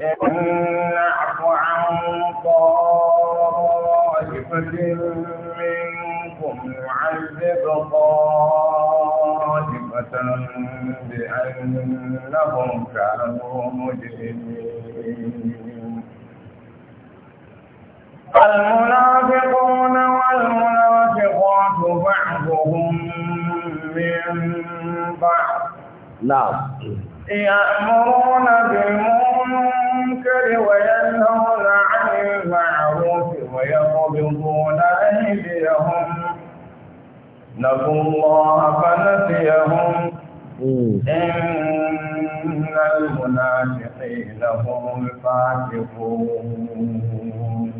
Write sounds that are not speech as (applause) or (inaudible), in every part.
إن نعف عن طائفة منكم نعذب طائفة بأنهم كانوا مجرمين المنافقون والمنافقات بعضهم من بعض نعم يأمرون بالمؤمنين المنكر وينهون عن المعروف ويقبضون أيديهم نسوا الله فنسيهم إن المنافقين هم الفاسقون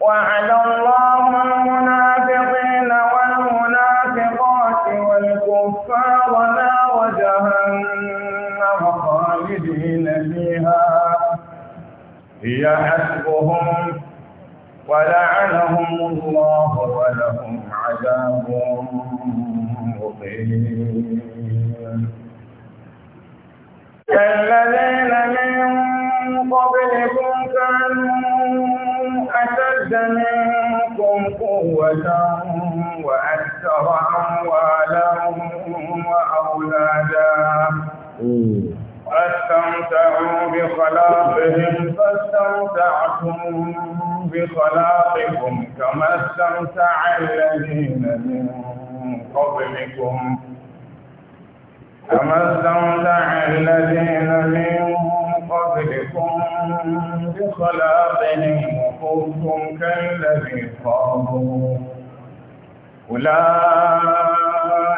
وعد الله المنافقين والمنافقات والكفار هي حسبهم ولعنهم الله ولهم عذاب مقيم كالذين من قبلكم كانوا أشد منكم قوة وأكثر أموالا وأولادا استمتعوا بخلاقهم فاستمتعتم بخلاقكم كما استمتع الذين من قبلكم كما استمتع الذين من قبلكم بخلاقهم وخذتم كالذي قالوا أولئك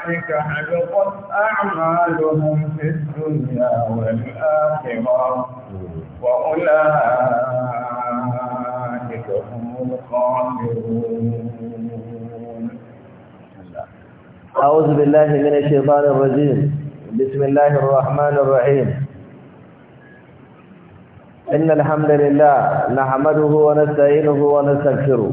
أولئك حبطت أعمالهم في الدنيا والآخرة وأولئك هم الخاسرون أعوذ بالله من الشيطان الرجيم بسم الله الرحمن الرحيم إن الحمد لله نحمده ونستعينه ونستغفره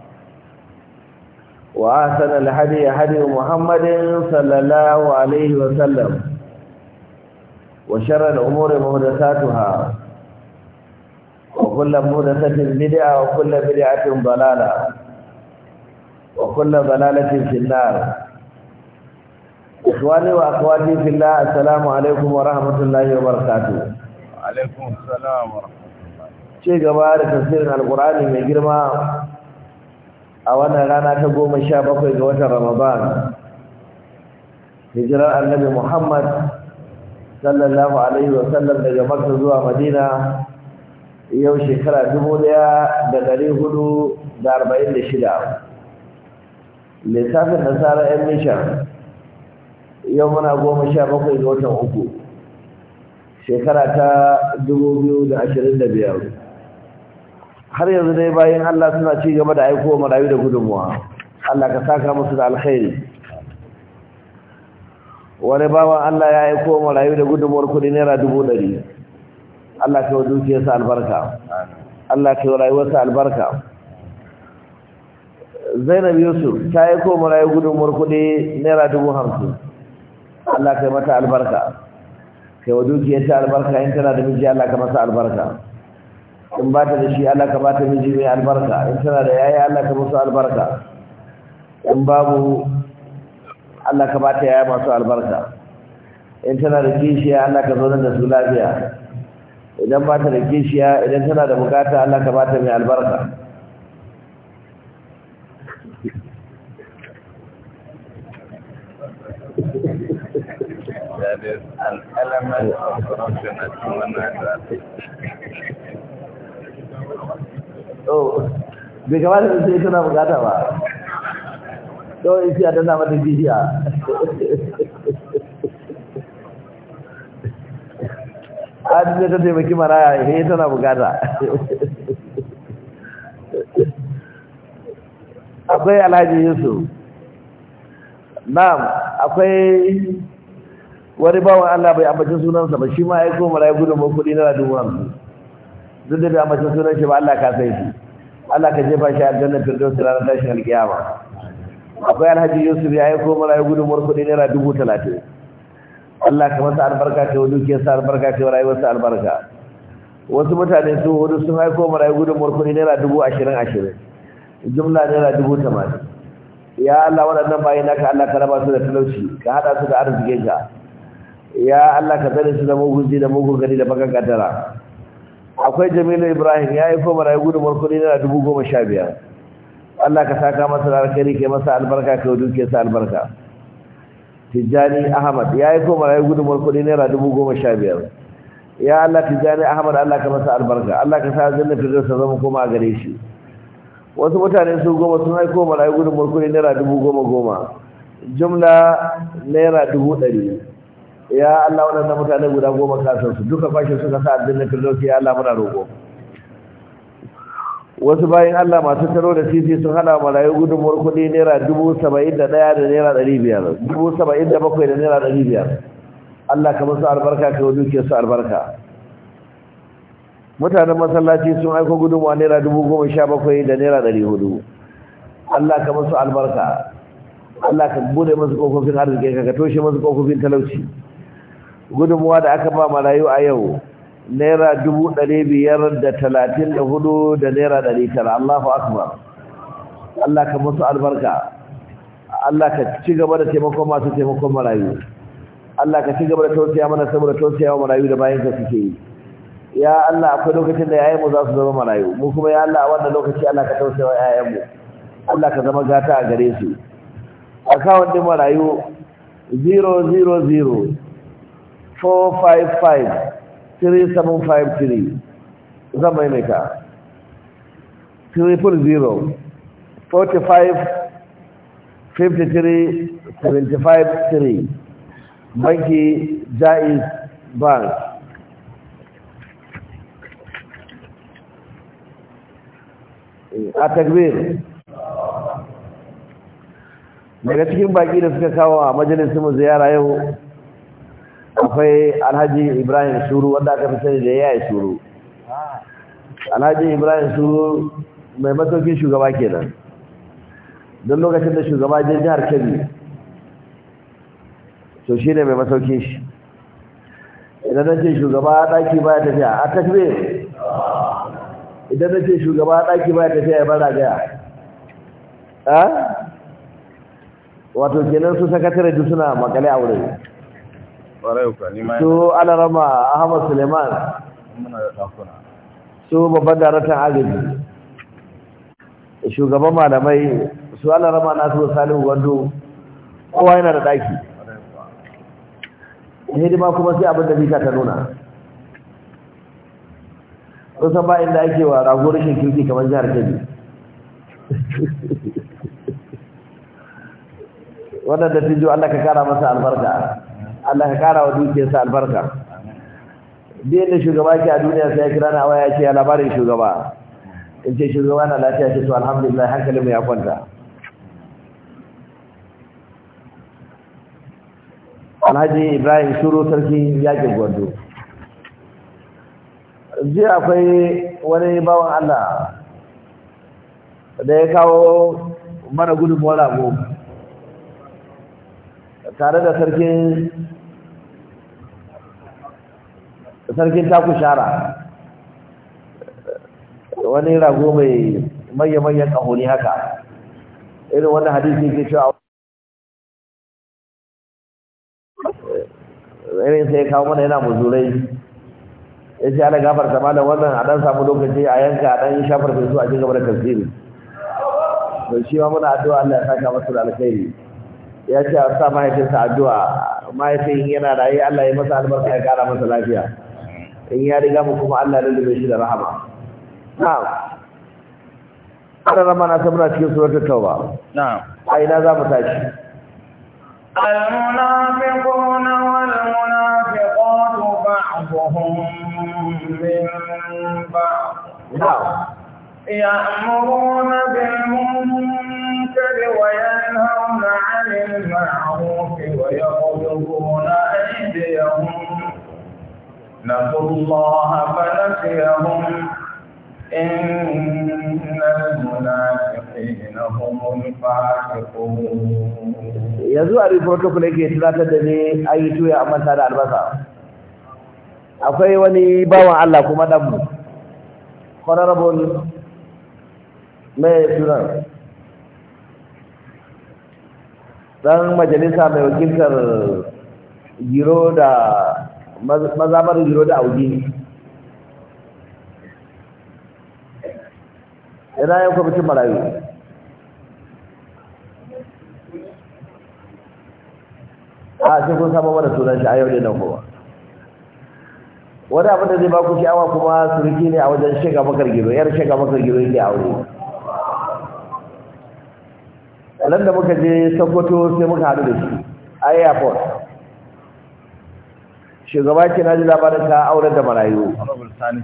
وآسن الهدي هدي محمد صلى الله عليه وسلم وشر الأمور مهدساتها وكل مهدسة بدعة وكل بدعة ضلالة وكل ضلالة في النار إخواني وأخواتي في الله السلام عليكم ورحمة الله وبركاته عليكم السلام ورحمة الله شيء جبار تفسير القرآن من جرمه a wannan rana ta goma sha bakwai ga watan ramadan hijirar annabi muhammad sallallahu alaihi sallam daga makka zuwa madina yau shekara dubu ɗaya da ɗari hudu da arba'in da shida lissafin nasarar yan mishan yau muna goma sha bakwai ga watan uku shekara ta dubu biyu da ashirin da biyar har yanzu dai bayan Allah suna ci gaba da aikowa marayu da gudunmuwa Allah ka saka musu da alkhairi wani bawa Allah ya aikowa marayu da gudunmuwar kudi naira dubu ɗari Allah ka yi wa dukiyarsa albarka Allah ka yi wa rayuwarsa albarka Zainab Yusuf ta yi aiko marayu gudunmuwar kudi naira dubu hamsin Allah ka yi mata albarka yi wa dukiyarsa albarka in tana da miji Allah ka masa albarka in ba ta da shi Allah ka ba ta miji mai albarka in tana da yayi Allah ka musu albarka in babu Allah ka ba ta yaya masu albarka in tana da kishiya Allah ka zauna da su lafiya idan ba ta da kishiya idan tana da bukata Allah ka ba ta mai albarka That is an element of corruption Oh, bai kamata (laughs) sai ba to (laughs) akwai alhaji yusu na'am akwai wani bawan Allah bai ambacin sunansa ba shi ma ya gudunmu na dubu duk da ba mace sunan shi ba Allah ka sai shi Allah ka jefa shi aljanna firdaus ranar tashin alkiyama akwai alhaji yusuf ya aiko mara ya gudun murku ne naira dubu talatin Allah ka masa albarka ka wani ke sa albarka ka rayuwarsa albarka wasu mutane su hudu sun aiko mara ya gudun murku ne naira dubu ashirin ashirin jumla naira dubu tamanin ya Allah waɗannan bayan naka Allah ka raba su da talauci ka haɗa su da arzikin ka ya Allah ka zane su da mugun da mugun gani da bakan kadara akwai jamilu ibrahim ya yi fomar ya gudun markuri na dubu goma sha biyar allah ka saka masa da ke masa albarka ka duke sa albarka tijjani ahmad ya yi fomar ya gudun markuri na dubu goma sha biyar ya allah tijjani ahmad allah ka masa albarka allah ka sa jannar firdausa zama koma a gare shi wasu mutane su goma sun haiko marayu gudun markuri naira dubu goma goma jumla naira dubu ɗari ya Allah waɗannan mutane guda goma kasar su duka fashin suka sa aljanna firdausi ya Allah muna roƙo wasu bayan Allah masu taro da titi sun hana marayu gudunmuwar kuɗi naira dubu saba'in da ɗaya da naira ɗari biyar dubu saba'in da bakwai da naira ɗari biyar Allah ka musu albarka ka yi dukiyar su albarka mutanen masallaci sun aiko gudunmuwa naira dubu goma sha bakwai da naira ɗari hudu Allah ka musu albarka Allah ka bude masu ƙofofin arziki ka toshe masu ƙofofin talauci gudunmuwa da aka ba marayu a yau naira dubu ɗari biyar da talatin da hudu da naira ɗari tara Allahu akbar Allah ka musu albarka Allah ka ci gaba da taimakon masu taimakon marayu Allah ka ci gaba da tausaya mana saboda tausaya wa marayu da bayan ka suke yi ya Allah akwai lokacin da yayin mu za su zama marayu mu kuma ya Allah a wannan lokaci Allah ka tausaya wa yayan mu Allah ka zama gata a gare su A kawon din marayu zero 455-3753 zan maimaita 000-45-53-75-3 banki jais bank a takbir daga cikin baki da suka kawo a majalisun ziyara yau akwai alhaji ibrahim shuru wanda aka fi sani da yaya shuru alhaji ibrahim shuru mai masaukin shugaba kenan don lokacin da shugaba jin jihar kebbi So shi ne mai masaukin shi idan na ce shugaba ɗaki ba ya tafiya a tafiye idan na ce shugaba ɗaki ba ya tafiya ya bara gaya ah? wato kenan su sakatare duk suna makale a wurin su alarama ahmad suleiman su babban daraktan agaji shugaban malamai su alarama su salihu gwando kowa yana da daki hidima kuma sai abin da bisa ta nuna kusan ba inda ake wa rago rashin kirki kamar jihar kebbi (laughs) wannan da tijo allah ka kara masa albarka Allah ya kara wa dukiyarsa albarka biyan da shugaba ke a duniya sai ya kira na waya ce ya labarin shugaba in ce shugaba na lafiya ce to alhamdulillah mu ya kwanta alhaji ibrahim shuru sarki yakin gwando Zai akwai wani bawan allah da ya kawo mana gudunmuwar rago tare da sarkin sarkin takushara wani rago mai mayyamayyan ƙahuni haka irin wani hadisi ke cewa irin sai kawo mana yana muzurai ya ce ana sama da wannan a ɗan samu lokaci a yanka a ɗan shafar fesu a gaba da tafsiri to shi ma muna addu'a Allah ya saka masu da alkhairi ya ce a sa mahaifinsa addu'a mahaifin yana yi Allah ya masa albarka ya kara masa lafiya in ya riga mu kuma Allah ya lullube shi da rahama na'am kada rama na sabuna cikin surar tauba na'am a ina za mu tashi المنافقون والمنافقات بعضهم من بعض يأمرون بالمنكر البر وينهون عن المعروف ويقبضون أيديهم yanzu a protocol yake tunatar da ne a yi tuya a da albasa akwai wani bawan Allah kuma ɗanmu honorable mai suna. dan majalisa mai wakiltar giro da mazabar giro da audi ina yin kwamitin marayu a sai kun samu mana sunan shi a yau ne nan kuma wani abin da zai ba ku sha'awa kuma suriki ne a wajen shiga makar giro yar shiga makar giro yake aure nan da muka je sokoto sai muka haɗu da shi a airport shugaba ke na ji labarin ka auren da marayu honorable sani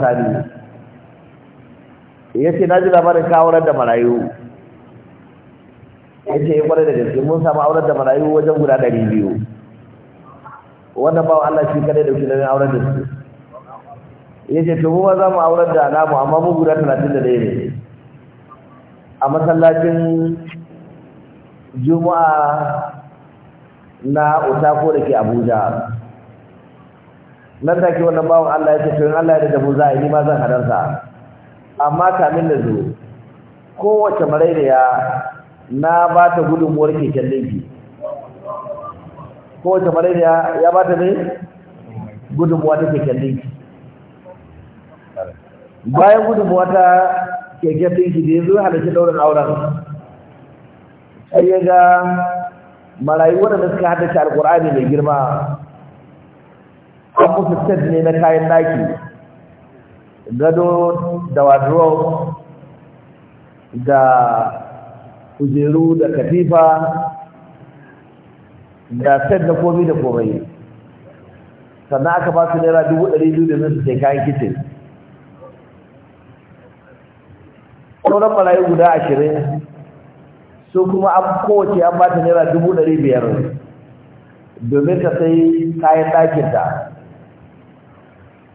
sani ya ce na ji labarin ka auren da marayu ya ce ya eh, kwarar da gaske mun samu auren da marayu wajen guda ɗari biyu wannan bawa Allah shi kadai da shi da auren da su ya ce to kuma za mu aurar da namu amma mu guda talatin da ɗaya ne a masallacin juma'a na utako da ke abuja nan take ke wannan bawan allah ya ce to allah ya da mu za a yi ma zan hadarsa amma kamin da zo kowace maraidaya na ba ta gudunmuwar keken linki kowace maraidaya ya ba ta ne gudunmuwa ta keken linki bayan gudunmuwa ta keke tinki da ya zo halarci ɗaurin auren sai ya ga marayu waɗanda suka haddace alƙur'ani mai girma an kusa set ne na kayan daki gado da wardrobe da kujeru da katifa da set na komai da komai sannan aka ba su naira dubu ɗari biyu da su sai kayan kitin sauran marayu guda ashirin su kuma an kowace an bata naira dubu ɗari biyar domin ta sai kayan ɗakinta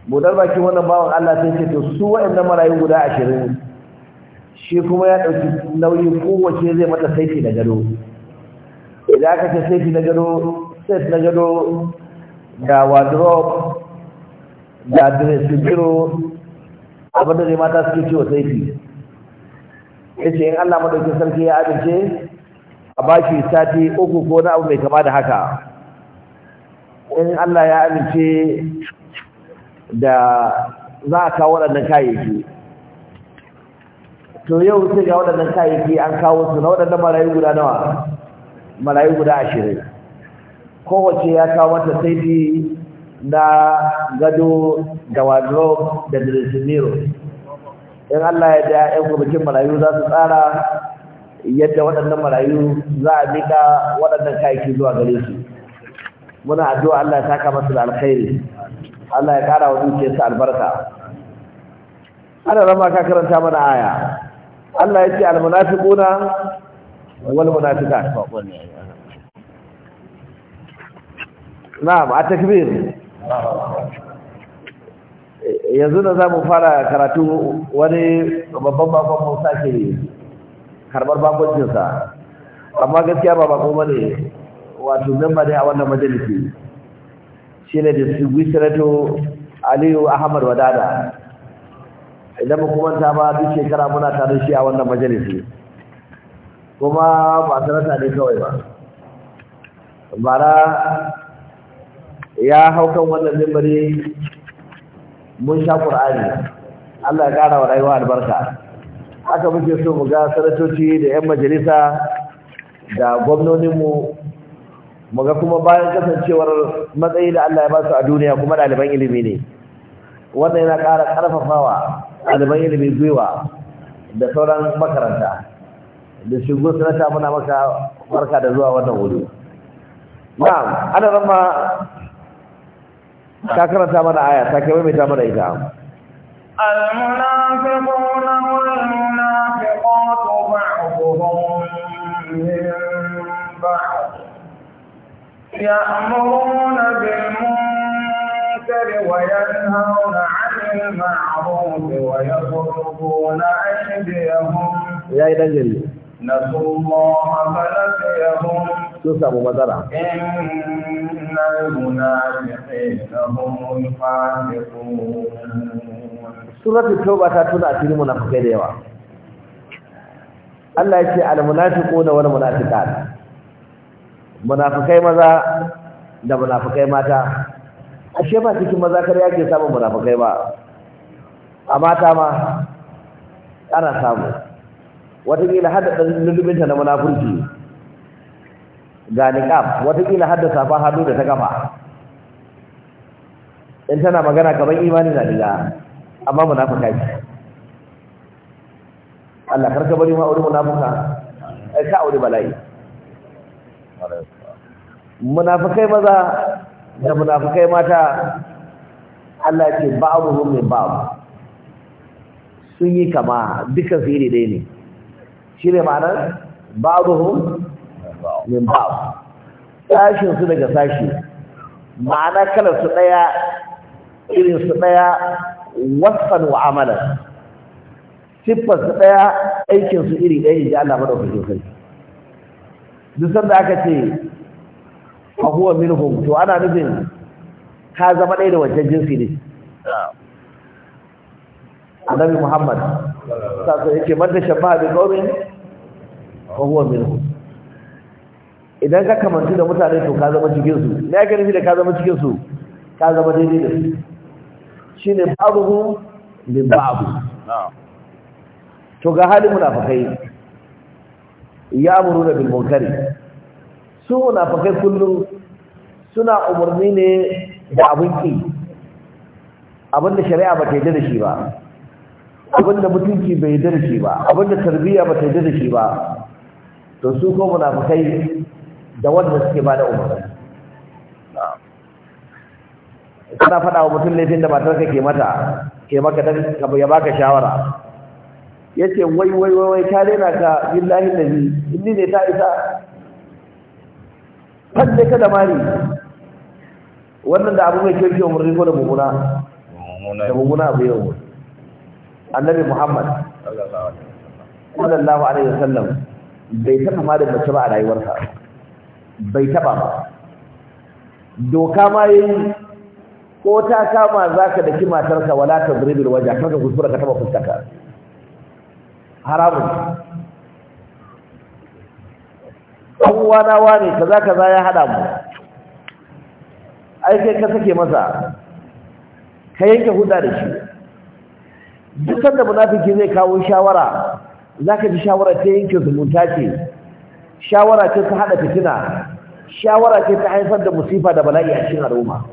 budar baki wannan bawan Allah sai ce to su waɗannan marayu guda ashirin shi kuma ya ɗauki nauyi kowace zai mata saiti na gado idan aka ce saiti na gado set na gado ga wardrobe da dressing abinda zai mata suke ciwo saiti yace in Allah maɗauki sarki ya amince a baki sati uku ko na abu mai kama da haka in Allah ya amince da za a kawo waɗannan kayayyaki to yau sai ga waɗannan kayayyaki an kawo su na waɗannan marayu guda nawa marayu guda ashirin kowace ya kawo mata saiti na gado da wardrobe da dressing mirror in Allah ya da ƴan gobakin marayu za su tsara yadda waɗannan marayu za a miƙa waɗannan kayaki zuwa gare su muna addu'a Allah ya saka masu da alkhairi Allah ya ƙara wa dukiyarsa albarka ana rama ka karanta mana aya Allah ya ce almunafiquna wal munafiqat na'am a takbir yanzu da za mu fara karatu wani babban bakon mu sake karbar bakoncinsa amma gaskiya ba bako ba ne wato memba ne a wannan majalisi shi ne da su wisirato aliyu ahmad wadada idan mu kuma ta ba duk shekara muna tare shi a wannan majalisi kuma ba sanata ne kawai ba bara ya hau kan wannan membari mun sha ƙur'ani, Allah ya ƙara wa rayuwa albarka haka muke so mu ga sanatoci da yan majalisa da gwamnoninmu mu ga kuma bayan kasancewar matsayi da Allah ya ba su a duniya kuma ɗaliban ilimi ne wannan yana ƙara ƙarfafawa ɗaliban ilimi gwiwa da sauran makaranta da shigo sanata muna maka barka da zuwa wannan wuri na'am ana rama ta karanta mana aya ta kai mai ta mana ita المنافقون والمنافقات بعضهم من يأمرون بالمنكر وينهون عن المعروف ويضربون أيديهم يا إلى نسوا الله فنسيهم sun samu matsala. Suratul Tauba ta tuna a cikin munafikai da yawa. Allah ya ce al-munafiquna wal munafiqat. Munafikai maza da munafikai mata. Ashe ba cikin maza kar yake samun munafikai ba. A mata ma ana samu. watakila haddasa ɗan lulubinta na munafurci ga niqab watakila haddasa fa hadu da ta kafa in tana magana kaman imani na diga amma munafuka ce Allah karka bari ma auri munafuka, ai ka aure bala'i munafukai maza da munafukai mata Allah ce ba'uhum min ba'u sun yi kama duka su iri ɗaya ne shi ne ma'anar min ba'ad sashin su daga sashi ma'ana kalar su daya irin su daya wasfan wa amalan siffar su daya aikin su iri daya inji Allah madaukakin sai duk sanda aka ce fa huwa minhum to ana nufin ka zama ɗaya da wajen jinsi ne annabi Muhammad sai yake man da shabba bi fahuwa huwa minhu idan ka kamantu da mutane to ka zama cikin su me ake nufi da ka zama cikin su ka zama daidai da su shine ba'dhu ne babu to ga halin munafikai da bil munkari su munafikai kullum suna umarni ne da abin ki abinda shari'a ba ta yarda da shi ba abinda mutunci bai yarda da shi ba abinda tarbiyya ba ta yarda da shi ba to su ko munafikai da wanda suke ba da umarni kana fada wa mutum laifin da matarka ke mata ke maka dan ya baka shawara yace wai wai wai wai ka daina ka billahi nabi inni ne ta isa fadde ka da mari wannan da abu mai kyau kyau murri ko da mumuna da mumuna abu yau annabi muhammad sallallahu alaihi wasallam bai taba ma da mace ba a rayuwarsa bai taɓa ba doka ma yi ko ta kama za ka daki matarka wala tadribil waja kaga kuskura ka taba fuskarka haramun ɗan wana za kaza kaza ya hada mu ai ka sake masa ka yanke hudu da shi duk sanda munafiki zai kawo shawara za ka ji shawara ta yanke zumunta ce shawara ce ta haɗa fitina shawara ce ta haifar da musifa da bala'i a cikin al'umma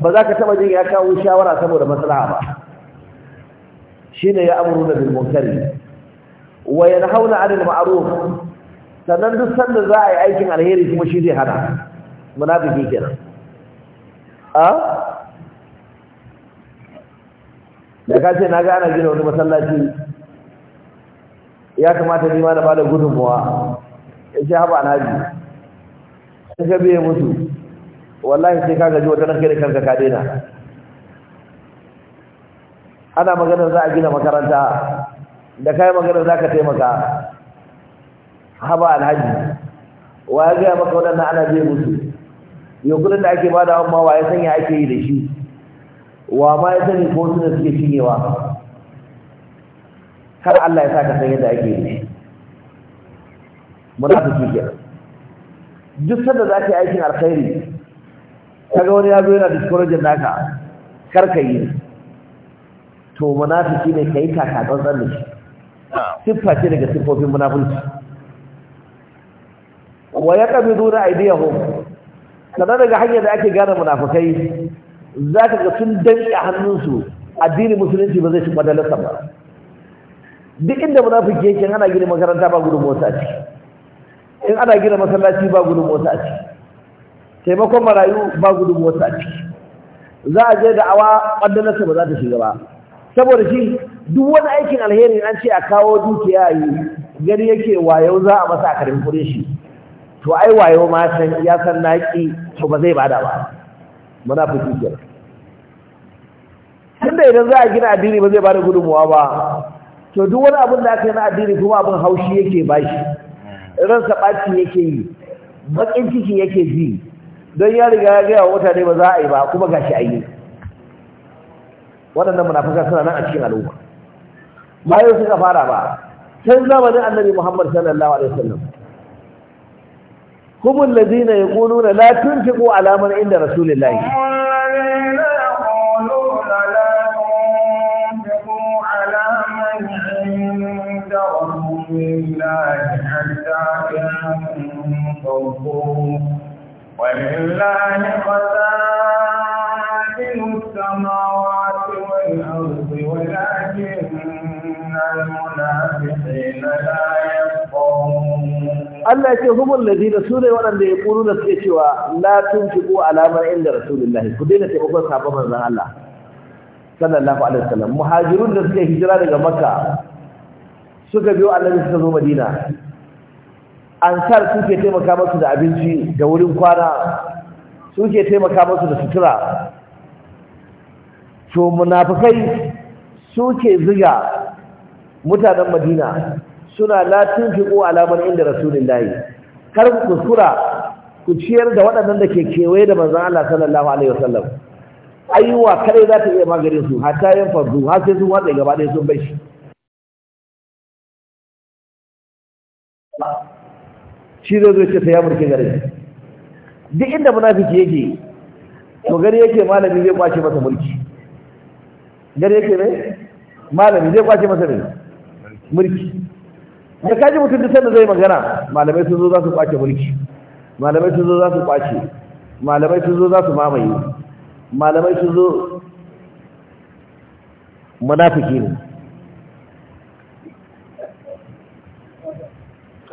ba za ka taɓa jin ya kawo shawara saboda maslaha ba shi ne ya amuru da bilmunkari wa yana hauna anil ma'aruf sannan duk sanda za a yi aikin alheri kuma shi zai hana munafiki kenan a da ka ce na ga ana gina wani masallaci ya kamata ni ma na bada gudunmuwa ya ce "Haba, na ji ga biye musu wallahi sai ka gaji wata nan kai da kanka ka daina ana maganar za a gina makaranta da kai maganar za ka taimaka Haba alhaji wa ya gaya maka wannan ana biye musu yankunan da ake bada amma wa ya sanya ake yi da shi wa ma ya sani ko suna suke cinyewa kar Allah ya sa ka san yadda ake yi munafiki kenan duk sanda za ka yi aikin alkhairi kaga wani ya zo yana discouraging naka kar ka yi to munafiki ne kai kaka tsantsan da shi siffa ce daga siffofin munafiki wa yaqbiduna aydiyahum kana daga hanyar da ake gane munafikai zaka ga sun danƙe hannunsu addinin musulunci ba zai ci kwadalarsa ba duk inda munafiki yake ana gina makaranta ba gudun motsa ce in ana gina masallaci ba gudun motsa ce taimakon marayu ba gudun motsa ce za a je da awa ƙwaddanarsa ba za ta shiga ba saboda shi duk wani aikin alheri an ce a kawo dukiya yi gani yake wayo za a masa a karin kure shi to ai wayo ma san ya san naki to ba zai bada ba munafiki kenan tunda idan za a gina addini ba zai bada gudunmuwa ba to duk wani abin da aka yi na addini kuma abin haushi yake ba shi ransa ɓaci yake yi baƙin ciki yake ji don ya riga ya gaya wa mutane ba za a yi ba kuma gashi a yi waɗannan munafuka suna nan a cikin al'umma ba yau suka fara ba can zamanin annabi muhammad sallallahu alaihi wasallam kuma الذين يقولون لا تنفقوا على من عند رسول الصبور ولله خزائن السماوات والأرض ولكن المنافقين لا يفقهون Allah ya ce humul ladina sune waɗanda ya kuru da suke cewa la tunfiqu ala man inda Rasulullahi ku daina taimakon sabon manzan Allah sallallahu alaihi wasallam muhajirun da suke hijira daga makka suka biyo annabi suka zo madina ansar suke taimaka masu da abinci da wurin kwana suke taimaka masu da sutura to munafukai suke ziga mutanen madina suna latin tunfiqu alamar inda layi kar ku kuskura ku ciyar da waɗannan da ke kewaye da manzan Allah sallallahu alaihi wasallam ayyuwa kare za ta iya maganin su hatta yin fardu har sai sun watsa gaba ɗaya sun bai shi shi zai zai ce ta ya murke gare duk inda munafiki yake to gari yake malami zai kwace masa mulki gari yake ne malami zai kwace masa ne mulki da kaji mutum duk sanda zai magana malamai sun zo za su kwace mulki malamai sun zo za su kwace malamai sun zo za su mamaye malamai sun zo munafiki ne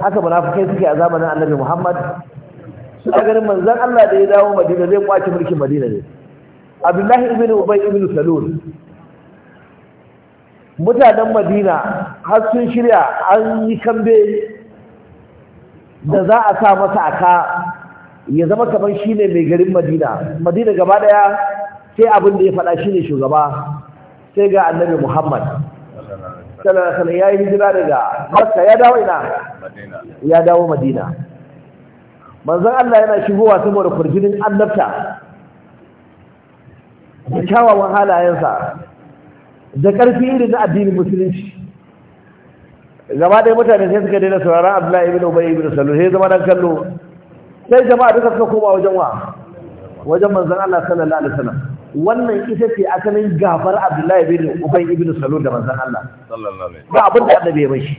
haka munafikai suke a zamanin annabi muhammad suna ganin manzon allah da ya dawo madina zai kwace mulkin madina ne abdullahi ibn ubay ibn salul mutanen madina har sun shirya an yi kambe da za a sa masa aka ya zama kamar shine mai garin madina madina gaba daya sai abin da ya faɗa shine shugaba sai ga annabi muhammad sallallahu alaihi wasallam yayi hijira daga Makka ya dawo ina ya dawo Madina manzon Allah yana shigowa saboda kurjinin annabta da kyawawan halayensa da karfi irin na addinin musulunci gaba dai mutane sai suka daina sauraron Abdullahi ibn Ubay ibn Salul sai zama dan kallo sai jama'a duka suka koma wajen wa wajen manzon Allah sallallahu alaihi wasallam wannan ita ce asalin gafar abdullahi bin ubay ibn salul da manzon Allah ba abin da annabi ya bashi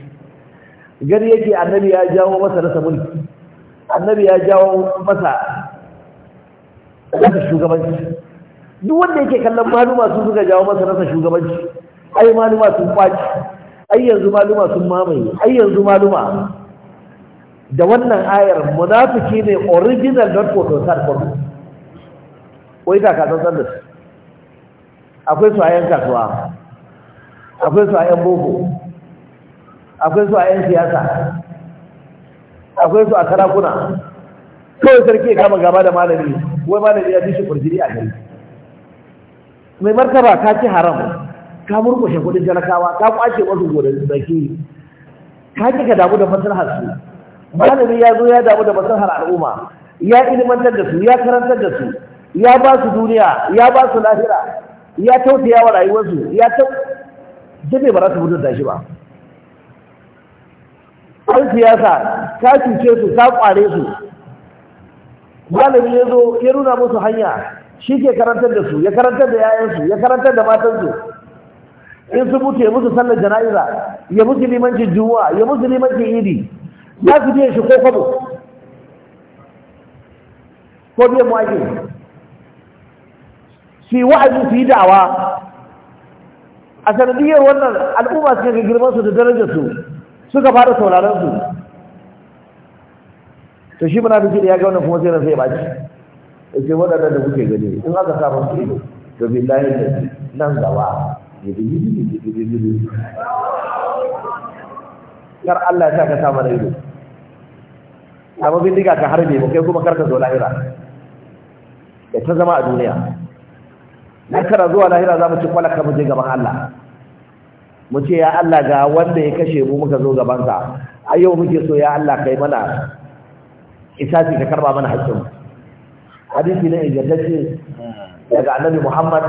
gari yake annabi ya jawo masa rasa mulki annabi ya jawo masa rasa shugabanci duk wanda yake kallon maluma sun suka jawo masa rasa shugabanci ai maluma sun kwaci ai yanzu maluma sun mamaye ai yanzu maluma da wannan ayar munafiki ne original photo photosar kwallo wai ta sanda. sandar akwai su a kasuwa akwai su a boko akwai su a siyasa akwai su a karakuna kawai sarki ya kama gaba da malami wai malami ya dishi kurjiri a gari mai martaba ka ci haram ka murkushe kudin talakawa ka kwace wasu godan zaki ka kika damu da maslahar su malami ya zo ya damu da maslahar al'umma ya ilmantar da su ya karantar da su ya ba su duniya ya ba su lahira ya tausaya yawa rayuwarsu ya ta dabe ba za su mutunta shi ba An siyasa ta cuce su ta ƙware su malami ya zo ya nuna musu hanya shi ke karantar da su ya karantar da yayansu ya karantar da matansu in su mutu ya musu sallar jana'iza ya musu limancin juwa ya musu limancin idi za su biya shi ko kwabo ko biyan mu ake su yi wa'azi su yi da'awa a sanadiyar wannan al'umma suka ga girmansu da darajarsu suka fara sauraronsu ta shi muna da ya ga wannan kuma sai na sai baci ce waɗanda da kuke gani in aka samu su ido to layin da nan gaba kar Allah ya sa ka samu ido amma bindiga ka harbe ba kai kuma kar ka zo lahira da ta zama a duniya Na nasara zuwa lahira za mu ci kwalaka mu je gaban Allah mu ce ya Allah ga wanda ya kashe mu muka zo gabansa a yau muke so ya Allah kai mana isafi ka karba mana hakkin hadisi ne ya daga annabi Muhammad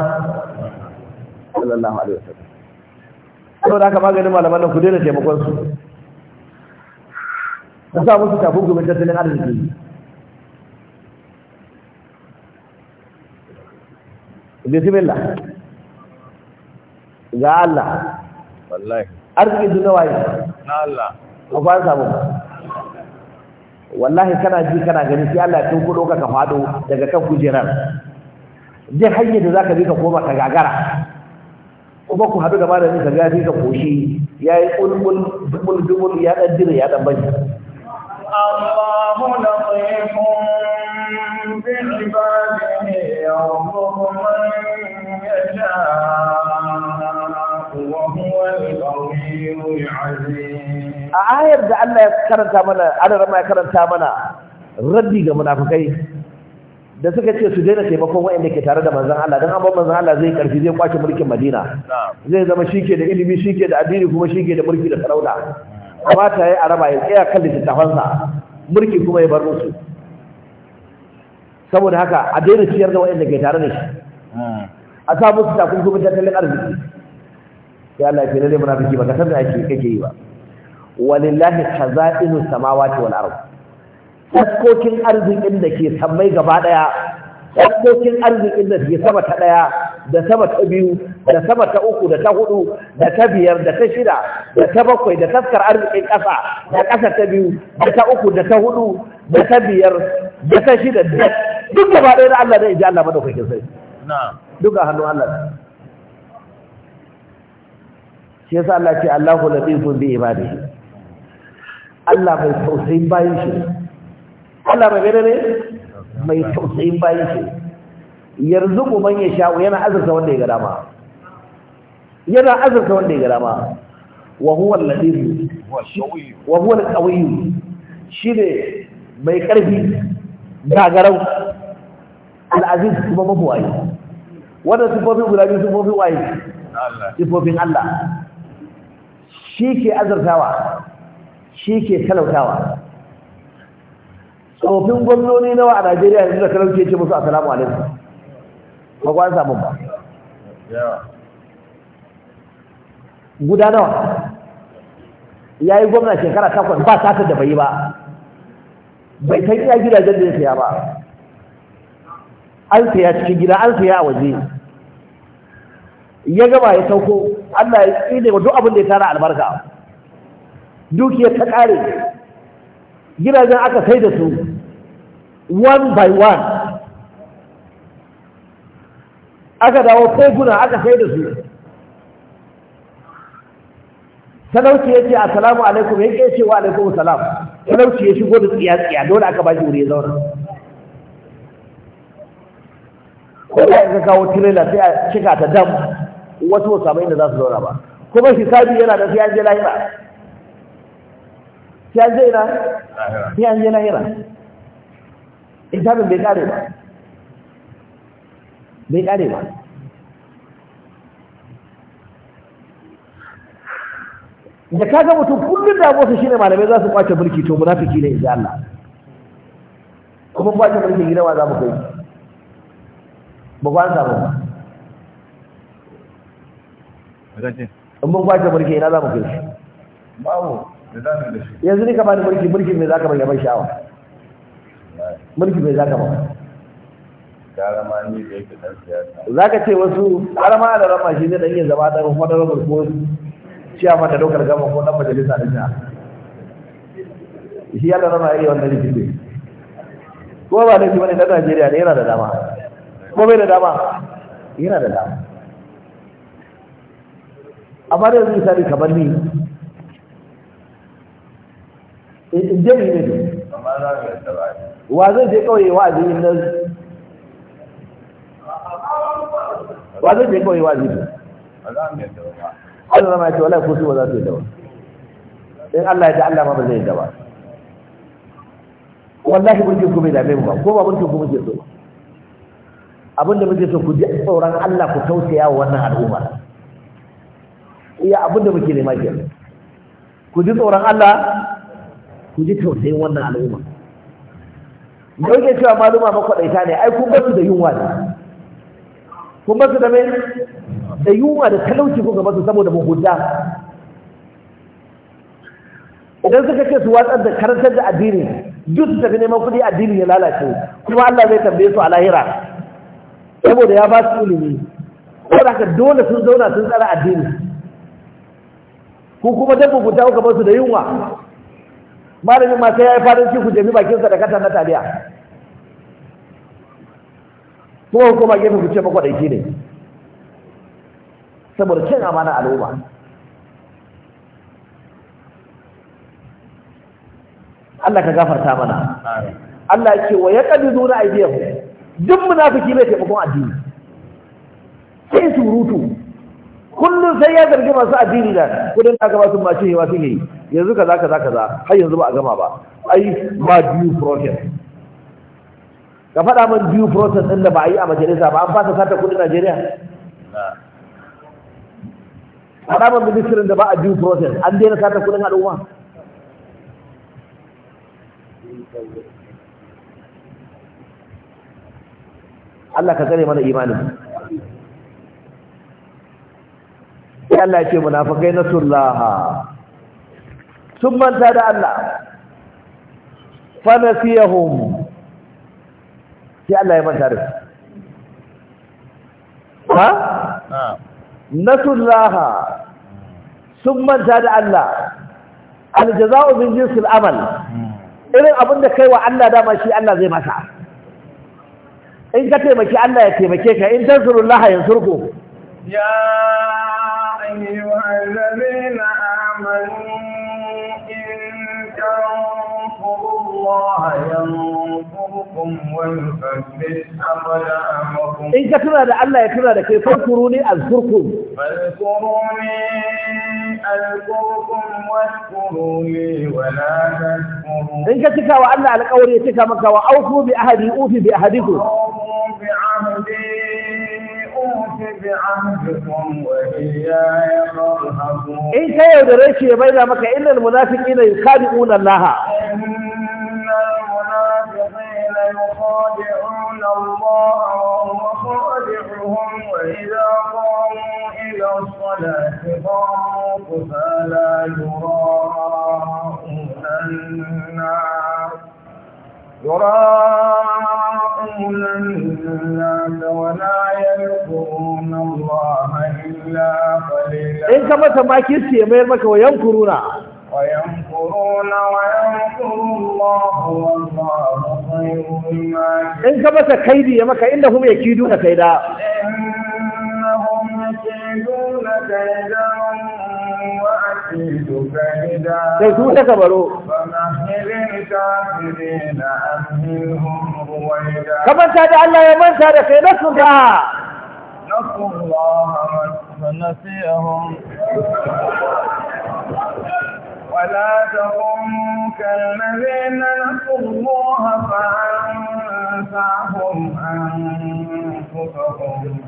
sallallahu alaihi wasallam to da aka maganin malaman nan ku daina taimakon su ku sa musu tafin gumin tattalin arziki bismilla ga Allah wallahi arziki duna waye na Allah ko ban samu wallahi kana ji kana gani sai Allah ya tunkudo ka ka fado daga kan kujerar je hanyar da zaka bi ka koma ka gagara kuma ku hadu da malamin ka gafi ka koshi yayi ulul dubul dubul ya dan dire ya dan bani Allahu latifun بعباده يرزق من يشاء وهو القوي العزيز a ayar da Allah ya karanta mana adara ma ya ga munafikai da suka ce su daina taimakon waɗanda ke tare da manzon Allah dan amma manzon Allah zai karfi zai kwace mulkin Madina zai zama shike da ilimi shike da addini kuma shike da mulki da sarauta kamata yayi araba ya tsaya kan littafansa mulki kuma ya bar musu saboda haka a daina ciyar da waɗanda ke tare da shi a sa musu takunkumin tattalin arziki ya Allah ke lalle munafiki baka san da ake kake yi ba walillahi khaza'inu samawati wal ardh taskokin arzikin da ke sammai gaba daya taskokin arzikin da ke sama ta daya da sama ta biyu da sama ta uku da ta hudu da ta biyar da ta shida da ta bakwai da taskar arzikin kasa da kasa ta biyu da ta uku da ta hudu da ta biyar da ta shida da duk gaba ɗaya na Allah ne in ji Allah madaukakin sai duk a hannun Allah ne shi yasa Allah ce Allahu latifun bi ibadihi Allah mai tausayin bayan shi Allah mai gane ne mai tausayin bayan shi yanzu mu man sha'u yana azurta wanda ya ga dama yana azurta wanda ya ga dama wa huwa al-latif wa huwa al-qawiy shi ne mai karfi gagarau al'aziz kuma waye? wannan sifofin guda biyu sifofin waye sifofin Allah shi ke azartawa shi ke talautawa tsofin gwamnoni nawa a Najeriya yanzu da talauci ce musu assalamu alaikum ba kwan samu ba guda nawa ya yi gwamna shekara takwas ba ta da bai ba bai san iya gidajen da ya saya ba an saya cikin gida an saya a waje ya gaba ya sauko Allah ya tsine wa duk abin da ya tara albarka dukiyar ta kare gidajen aka sai da su one by one aka dawo koguna aka sai da su sanauci ya ce assalamu alaikum ya ce wa alaikum salam sanauci ya shigo da tsiya tsiya dole aka ba shi wuri ya zauna ko da ka kawo tirela sai a cika ta dam wasu ba samu inda za su zauna ba kuma hisabi yana da sai an je lahira sai an je ina sai an je lahira hisabin bai kare ba bai kare ba da kaga mutum kullum da shi shine malamai za su kwace mulki to munafiki ne insha Allah kuma kwace mulki gidan wa za mu kai ba ku an samu ba in mun kwace mulki ina za mu kai shi babu yanzu ne ka bani mulki mulki mai zaka bai mai sha'awa mulki mai zaka ba za ka ce wasu harama da rama shi ne dan yin zama da kuma da rama ko ciya mata daukar gama ko dan majalisa da jiha shi ya da rama yayi wannan rikici ko ba da shi bane na Najeriya ne yana da dama ko bai da dama yana da dama amma da yanzu misali kamar ni eh, in je ne ne wa zai je kawai wa'azi in na wa zai je kawai wa'azi ne Allah zama ya ce wallahi kusurwa za su yi dawa in Allah ya ji Allah ma ba zai yi dawa wallahi mulkin kuma bai dame mu ba ko ba mulkin kuma ke so ba abinda muke so ku ji tsoron Allah ku tausaya wa wannan al'umma iya abinda muke nema ke ku ji tsoron Allah ku ji tausayin wannan al'umma dauke cewa maluma makwaɗaita ne ai kun basu da yunwa ne kun basu da mai da yunwa da talauci kuka basu saboda mahuta idan suka ce su watsar da karantar da addini duk su tafi neman kuɗi addini ya lalace kuma Allah zai tambaye su a lahira saboda ya ba su ilimi da ka dole sun zauna sun tsara addini ku kuma dan ku ta kuka su da yunwa malamin ma sai ya yi farin ku jami bakin sa da katan na taliya kuma hukuma gefe ku ce makwaɗaiki ne saboda cin amana al'umma Allah ka gafarta mana Allah ya ce wa ya ƙadidu na aidiyahu duk munafiki mai taimakon addini sai surutu kullum sai ya zargi masu addini da kudin da aka ba su mace yawa sun yi yanzu kaza kaza kaza har yanzu ba a gama ba ai ba due process ka faɗa min due process ɗin da ba a yi a majalisa ba an fasa sata kudin Najeriya faɗa min ministirin da ba a due process an daina sata kudin al'umma Allah ka tsare mana imanin sai Allah ya ce munafikai na sullaha sun manta da Allah fa nasiyahum sai Allah ya manta da su ha? nasullaha sun manta da Allah aljaza'u min jinsil amal hmm. irin abin da kai wa Allah dama shi Allah zai masa in ka taimaki Allah ya taimake ka in tansurullah surku. ya ayyuhal ladina amanu in tanfuru Allah yansurkum wa yuthabbit aqdamakum in ka tuna da Allah ya tuna da kai fankuru ni azkurkum fazkuruni أذكركم ولا إن كتك وأن على قول يتك مك وأوفوا بأهدي أوفي بأهديكم أوفوا بعهدي أوفي بعهدكم وإياي فارهبون إن كي يا بين مك إن المنافقين يخادعون الله إن المنافقين يخادعون الله وهو خادعهم وإذا قاموا إلى الصلاة قاموا فلا يراءون الناس يراءون الناس ولا يذكرون الله إلا قليلا إن كما تباكيت يا مير مكة ويمكرون ويمكرون ويمكر الله والله in ka masa kaidi ya maka inda kuma ya yakidu na kaida sai su ta kabaro ka manta da Allah ya manta da kai nasu da نسوا الله فنسيهم ولا تكن كالذين نسوا الله فأنفعهم أنفسهم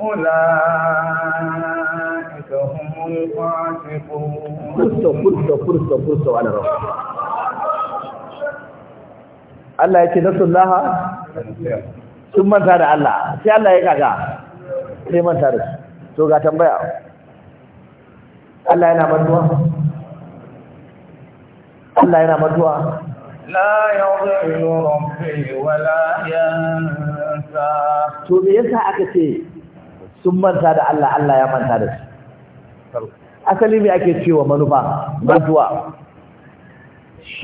أولئك هم الفاسقون فرصة فرصة فرصة فرصة على رب الله يكي نسوا الله sun manta da Allah sai Allah ya kaga sai manta da su to ga tambaya Allah yana mantuwa Allah yana maduwa la yadhillu rabbi wa la yansa to me yasa aka ce sun manta da Allah Allah ya manta da su asali me ake cewa manufa maduwa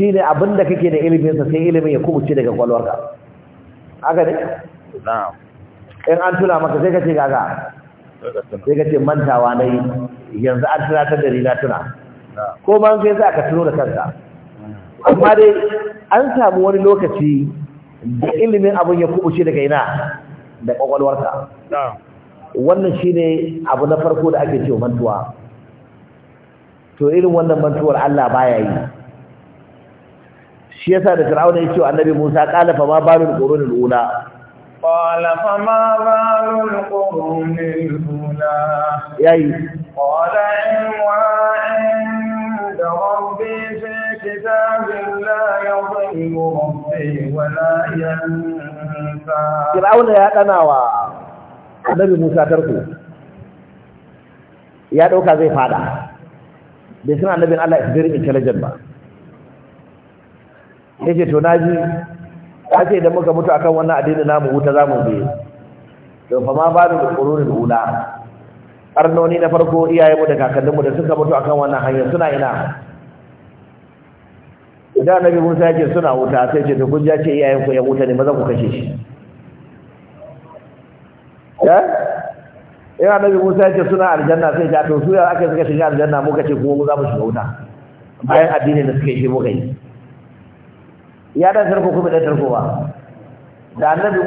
abin abinda kake da ilimin sa sai ilimin ya kubuce daga kwalwarka haka ne na'am in an tuna maka sai ka ce gaga sai ka ce mantawa na yi yanzu an tunatar da ni na tuna ko ban sai za ka tuno da kanka amma dai an samu wani lokaci da ilimin abin ya kubuce daga ina da kwakwalwarsa wannan shi ne abu na farko da ake cewa mantuwa to irin wannan mantuwar Allah baya yi shi yasa da Fir'auna ya ce Annabi Musa qala fa ma balul qurunil ula قال فما بال القرون الأولى ياي قال علمها fir'auna ya ولا wa Nabi Musa tarko. ya dauka zai fada bai san annabin Allah is very intelligent ba yace to naji kace da muka mutu akan wannan addini namu wuta zamu bi to fa ma ba da qurunul ula arnoni na farko iyayenmu da kakanninmu da suka mutu akan wannan hanyar suna ina da annabi Musa yake suna wuta sai ce to kun ce iyayen ku ya wuta ne maza ku kashe shi eh na annabi Musa yake suna aljanna sai ya to su ya aka suka shiga aljanna muka ce kuma mu za mu shiga wuta bayan addinin da suka yi muka yi ya da tarko kuma da tarko ba da annabi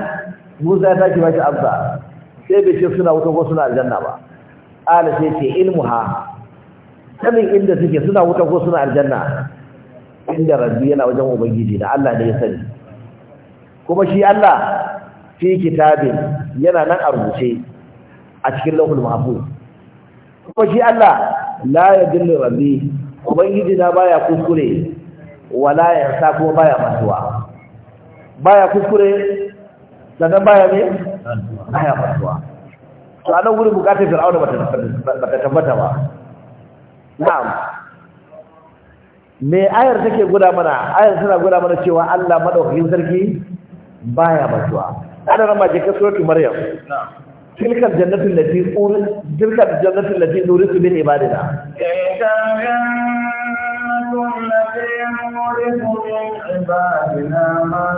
Musa ya tashi mashi amsa sai bai ce suna wuta ko suna aljanna ba ala sai ce ilmuha sanin inda suke suna wuta ko suna aljanna inda rabbi yana wajen ubangiji da Allah ne ya sani kuma shi Allah fi kitabin yana nan a rubuce a cikin lahul mahfuz kuma shi Allah la yadillu rabbi ubangiji na baya kuskure wala yansa kuma baya mantuwa baya kuskure daga baya ne baya mantuwa to anan gurin bukatar fir'auna bata tabbata ba na'am me ayar take guda mana ayar tana guda mana cewa Allah madaukakin sarki baya batuwa ana rama maje ka suratul maryam tilka jannatu allati ur tilka jannatu allati nuritu bil ibadina ma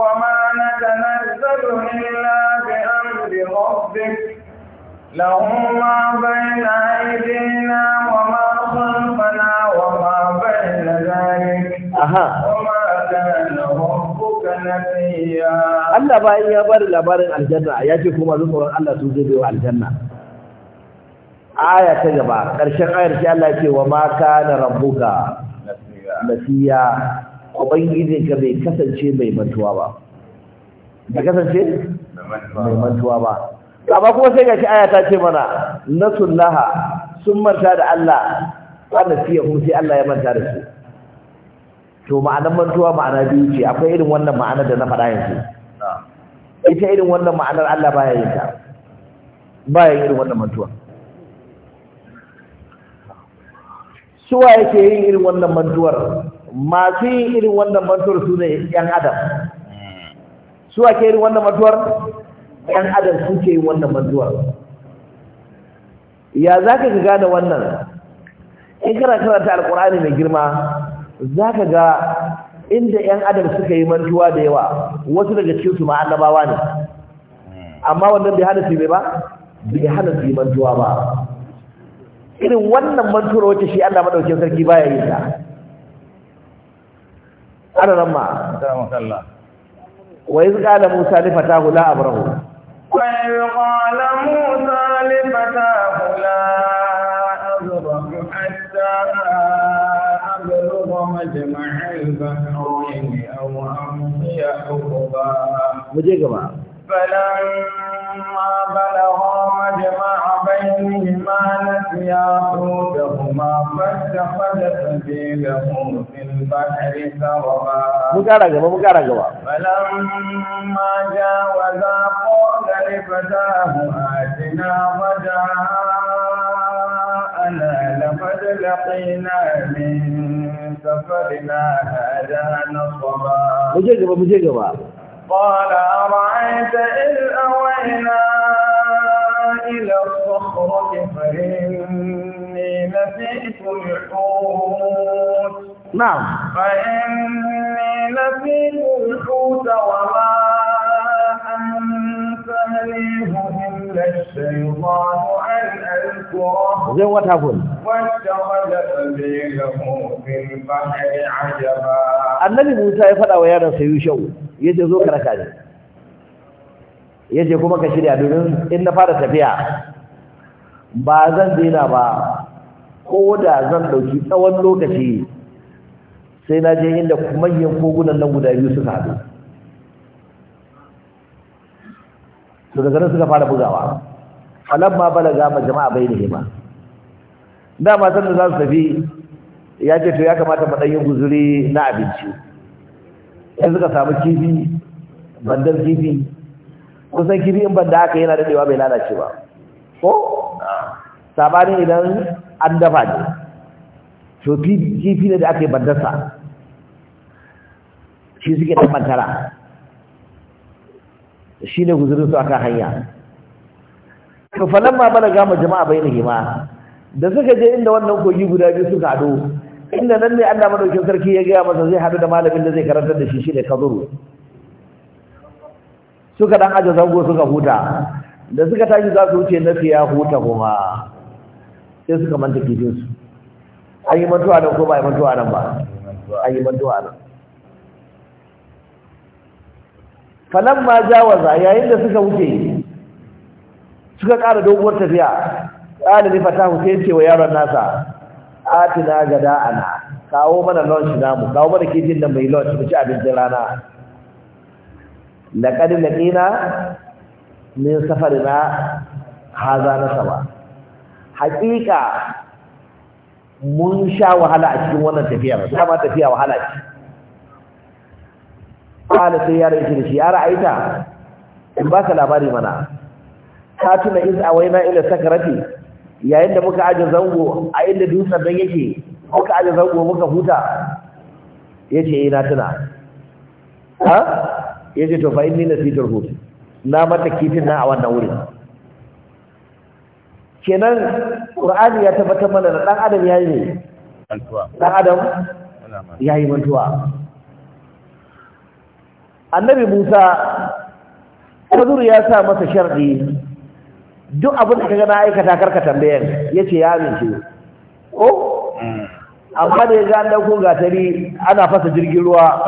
وما illa bi amri rabbik له ما بين أيدينا وما خلفنا وما بين ذلك وما كان ربك نسيا الله باين يا بار لبارين الجنة كما ذكر الله الجنة aya ta gaba ƙarshen ayar shi Allah ce wa ma kana rabbuka nasiya ka bai kasance mai mantuwa ba Ka kasance mai mantuwa ba amma kuma sai gashi aya ta ce mana sunnaha sun manta da Allah wanda fiye kuma sai Allah ya manta da su to ma'anar mantuwa ma'ana biyu ce akwai irin wannan ma'anar da na faɗa yanzu ita irin wannan ma'anar Allah baya yin ta baya irin wannan mantuwa suwa yake yin irin wannan mantuwar masu yin irin wannan mantuwar su ne yan adam hmm. suwa ke irin wannan mantuwar ɗan adam suke yin wannan mantuwa ya za ka gane wannan in kana karanta alkur'ani mai girma za ka ga inda 'yan adam suka yi mantuwa da yawa wasu daga cikinsu ma annabawa ne amma wannan bai hana su yi ba bai hana su yi mantuwa ba irin wannan mantuwar wacce shi Allah madaukakin sarki baya yi ta ana nan ma wa iz qala musa fata hula a abrahu وإذ قال موسى لفتاه لا أبرح حتى أبلغ مجمع البحرين أو أمضي حقبا فلما بلغا مجمع حكيمان ياقوتهما فاتخذ سبيله في البحر سربا فلما جاوزا قال لفتاه آتنا وجاءنا لقد لقينا من سفرنا هذا نصبا مجيجبا مجيجبا قال أرأيت إذ أوينا إلى الصخرة فإني نسيت الحوت نعم فإني نسيت الحوت وما أنسانيه إلا الشيطان أن أذكره زين وات هابون واتخذ سبيله في البحر عجبا النبي موسى يفدى ويانا سيوشو يجي زوكرا كاجي ya ce kuma ka shirya domin in na fara tafiya ba zan daina ba ko da zan ɗauki tsawon lokaci sai na je inda manyan kogunan nan guda biyu suka haɗu su daga nan suka fara bugawa falon ma balaga ga jama'a bai da hima dama san da za su tafi ya ce to ya kamata yin guzuri na abinci sai suka samu kifi bandar kifi kusan kifi in banda haka yana daɗewa bai lalace ba ko sabanin idan an dafa ne to kifi ne da aka yi bandarsa shi suke ɗan bantara shi ne guzurin su aka hanya to ma bala gama jama'a bai ma da suka je inda wannan kogi guda biyu suka haɗu inda nan ne Allah madaukakin sarki ya gaya masa zai hadu da malamin da zai karantar da shi shi ne kazuru suka dan aje zango suka huta da suka tashi za su wuce na fiya huta kuma sai suka manta kidin su an yi mantuwa nan ko ba yi mantuwa nan ba an yi mantuwa nan falan ma jawaza yayin da suka wuce suka kara doguwar tafiya ƙalili fatahu sai ce wa yaron nasa atina gada ana kawo mana lunch namu kawo mana kifin da mai lunch mu ci abincin rana laqad laqina min safarina haza nasaba Hakika mun sha wahala a cikin wannan tafiyar dama tafiya wahala ce qala sai yaro yake da shi ya ra'aita in ba ka labari mana ka tuna iz awaina ila sakarati yayin da muka aje zango a inda dutsen dan yake muka aje zango muka huta yace ina tuna ha ya ce to fa inni nasitul hut na mata kifin na a wannan wurin kenan qur'ani ya tabbatar mana da dan adam yayi ne dan adam yayi mantuwa annabi Musa Hazuru ya sa masa sharɗi duk abin da kaga na aikata karka tambayar, yace ya amince ko mm. amma da ya ga an dauko gatari ana fasa jirgin ruwa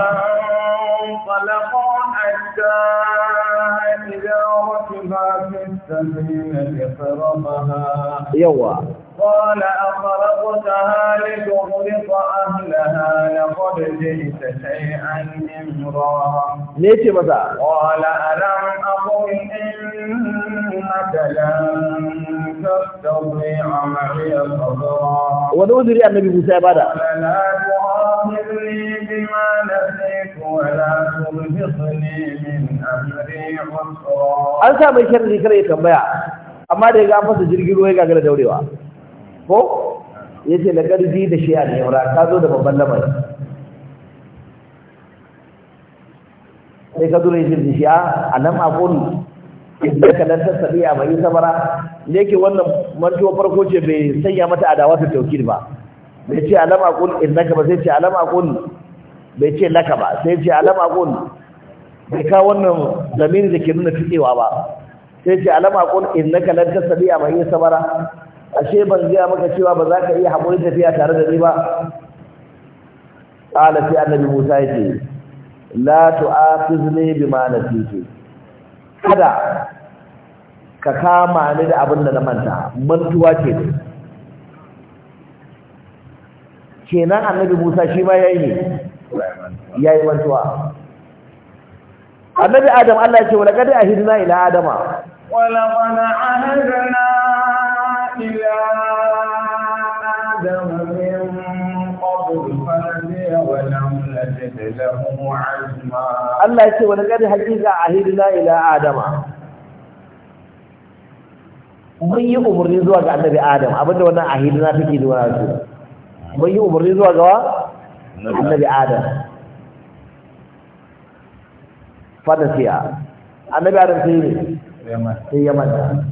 حتى إذا ركبا في السفينة خرقها يوا قال أخرقتها لتغرق أهلها لقد جئت شيئا إمرا ليش مزا قال ألم أقل إنك لن تستطيع معي صبرا يا نبي موسى بدا قال لا تؤاخذني بما نسيت an sa mai kyanar shekara ya tambaya amma da ya ga fasa jirgin ruwa ya gagara daurewa ko ya ce na ƙarfi da shi a nemura ta zo da babban lamari sai ka zura yi shi a a nan makon inda ka nan tattaɓe a mai samara ne ke wannan mantuwa farko ce bai sanya mata adawa ta tauki ba bai ce a nan makon inda ka ba sai ce a nan makon bai ce laka ba sai ce alam bai ka wannan zamin da ke nuna fitewa ba sai ce alam aqul innaka lan tasbiya mai yi sabara ashe ban gaya maka cewa ba za ka iya haƙuri tafiya tare da ni ba qala sai annabi Musa ya ce la ma na nasitu kada ka kama ni da abin da na manta mantuwa ce kenan annabi Musa shi ma yayi ya yi mantuwa annabi adam Allah ya ce wa laqad ahidna ila adama wa laqad ahadna ila adama min qabl fa nasiya wa lam najid lahu azma Allah ya ce wa laqad haqiqa ahidna ila adama mun yi umarni zuwa ga annabi adam abinda wannan ahidna take zuwa su mun yi umarni zuwa ga annabi adam fadasiya annabi adam sai ne sai ya manta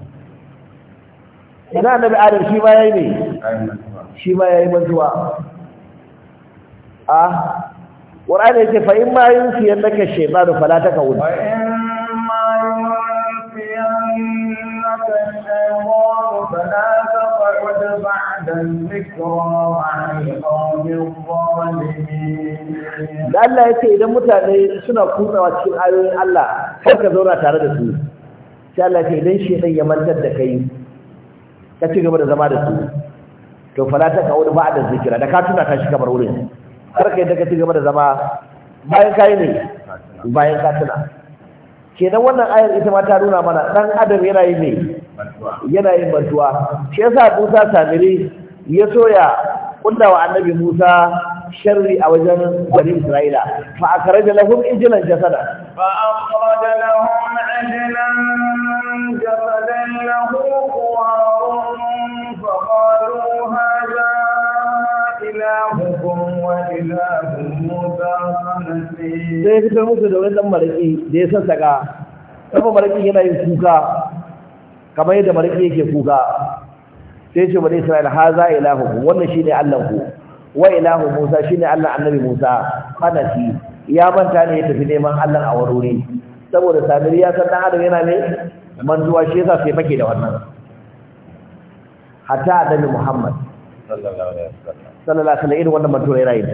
ina annabi adam shi ma yayi ne shi ma yayi mantuwa ah qur'ani yace fa in ma yunsi annaka shaytanu fala takawun da Allah ya ce idan mutane suna kunawa cikin ayoyin Allah kar ka zauna tare da su sai Allah ce idan shedan ya mantar da kai ka ci gaba da zama da su to fala ta kawo da ba'da zikira da ka tuna ka shi kamar wurin kar ka da ka ci gaba da zama bayan kai ne bayan ka tuna kenan wannan ayar ita ma ta nuna mana dan adam yana yi ne yana yin bantuwa shi yasa Musa Samiri ya soya kundawa annabi Musa sharri a wajen bani Isra'ila fa akhraja lahum ijlan jasada fa akhraja lahum ijlan jasadan lahu qawarun fa qalu hadha ilahukum wa ilahu Musa sai ya fitar musu da wannan mariki da ya sassaka Kafa maraki yana yin kuka kamar yadda mariki yake kuka sai ce bani isra'il haza ilahu wannan shine Allah ku wa ilahu Musa shine Allah annabi Musa shi ya manta ne ya tafi neman Allah a waruri saboda sabir ya san dan adam yana ne manzuwa shi yasa sai fake da wannan hatta annabi Muhammad sallallahu alaihi wasallam sallallahu alaihi wasallam wannan mantuwa ya rayu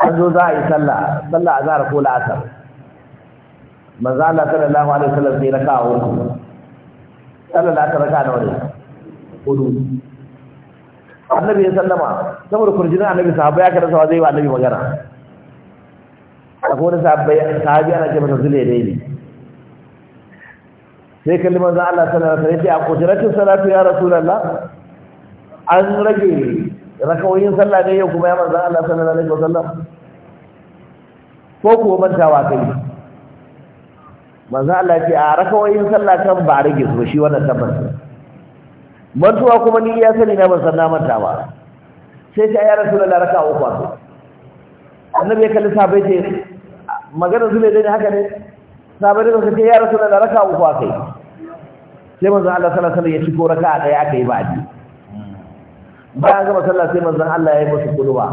an zo za a yi sallah sallah azhar ko la'asar manzo Allah sallallahu alaihi wasallam sai raka uku sallallahu alaihi raka nawa ne hudu annabi ya sallama saboda kurjina annabi sahaba ya kada sawa zai wa annabi magana akwai wani sahabi ana ce masa zule dai ne sai kalli manzo Allah sallallahu alaihi wasallam ya ce a kudratin salatu ya rasulullah an rage rakawoyin sallah ne yau kuma ya manzo Allah sallallahu alaihi wasallam ko kuwa mantawa kai manzo Allah ce a rakawoyin sallah kan ba rage su shi wannan tabbas mantuwa kuma ni ya sani na ban san na manta ba sai ta ya rasulullahi raka uku to annabi ya kalli sabai ce magana zule dai haka ne sabai da sai ya rasulullahi raka uku kai sai manzo Allah sallallahu alaihi wasallam ya ciko raka daya aka yi baji bayan gama sallah sai manzo Allah ya yi musu kulwa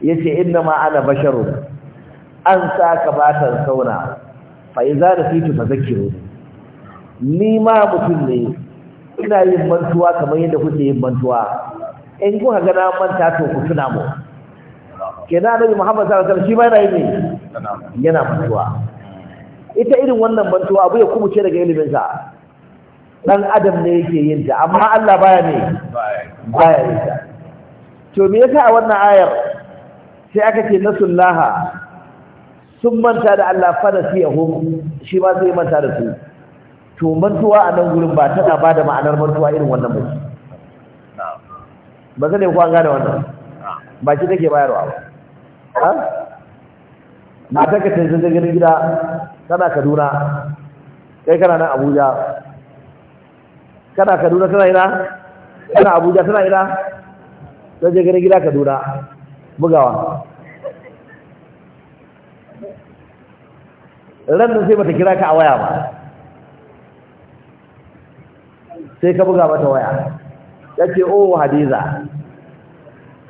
yace inna ma ana basharun an sa kabatan sauna fa iza nasitu fazakkiru ni ma mutum ne ina yin mantuwa kamar yadda kuke yin mantuwa in kuka ga na manta to ku tuna mu kenan annabi Muhammad sallallahu alaihi wasallam shi ba yana yin yana mantuwa ita irin wannan mantuwa abu ya ce daga ilimin sa dan adam ne yake yin ta amma Allah baya ne baya yin to me yasa a wannan ayar sai aka ce nasullaha sun manta da Allah fara siya hum shi ma zai manta da su to mantuwa a nan gurin ba tana ba da ma'anar mantuwa irin wannan ba ba zane kuwa gane wannan ba shi take bayarwa ba ha na taka tanzu zai gidan gida tana Kaduna kai kana nan Abuja kana Kaduna tana ina kana Abuja tana ina sai je gida Kaduna bugawa ran sai bata kira ka a waya ba sai ka buga mata waya ya ce oh hadiza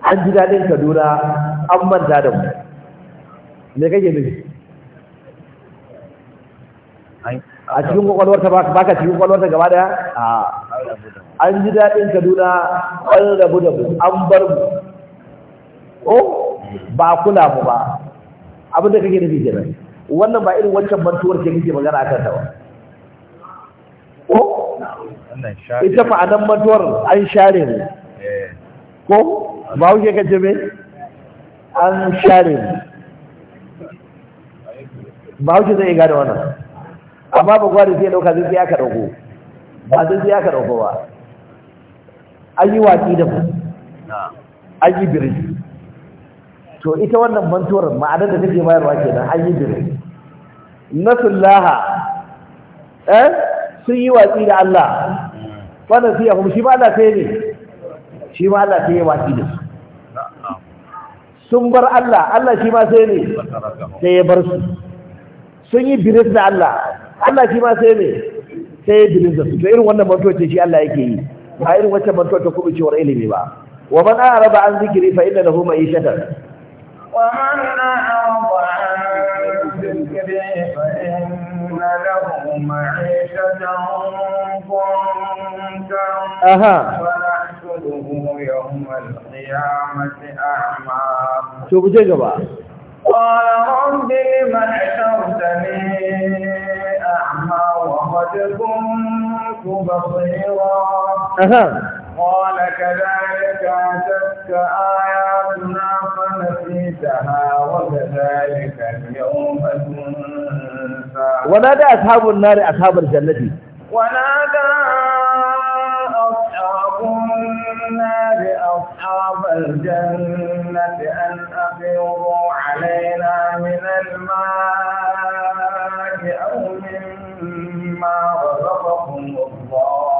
an ji daɗin kaduna an manta da mu ka kake nufi a cikin kwakwalwarta ba ka cikin kwakwalwarta gaba daya an ji daɗin kaduna an rabu da mu an bar mu oh ba kula mu ba abinda kake nufi kenan wannan ba irin wancan bantuwar ke nike magana a kanta ba ko ita fa anan bantuwar an share ne eh. ko ba wuke ka me an share ne ba wuke zai gane wannan amma ba gwari zai dauka zai ya ka ɗauko, ba zai ya ka ɗauko ba an yi watsi da mu an yi birni to ita wannan mantuwar ma'anar da take bayarwa kenan an yi dire nasullaha eh sun yi watsi da Allah wannan sai kuma shi ma Allah sai ne shi ma Allah sai ya watsi da su sun bar Allah Allah shi ma sai ne sai ya bar su sun yi biris da Allah Allah shi ma sai ne sai ya biris da su to irin wannan mantuwar ce shi Allah yake yi ba irin wacce mantuwar ta kubucewar ilimi ba wa man a'rada an zikri fa inna lahu ma'ishatan Shuku ce gaba. Ƙwara hundi mai ɗauta ne, amma wa hajjikun ku ba su yi wa. قال كذلك أتتك آياتنا فنسيتها وكذلك اليوم تنسى ونادى أصحاب النار أصحاب الجنة ونادى أصحاب النار أصحاب الجنة أن أفروا علينا من الماء أو مما رزقكم الله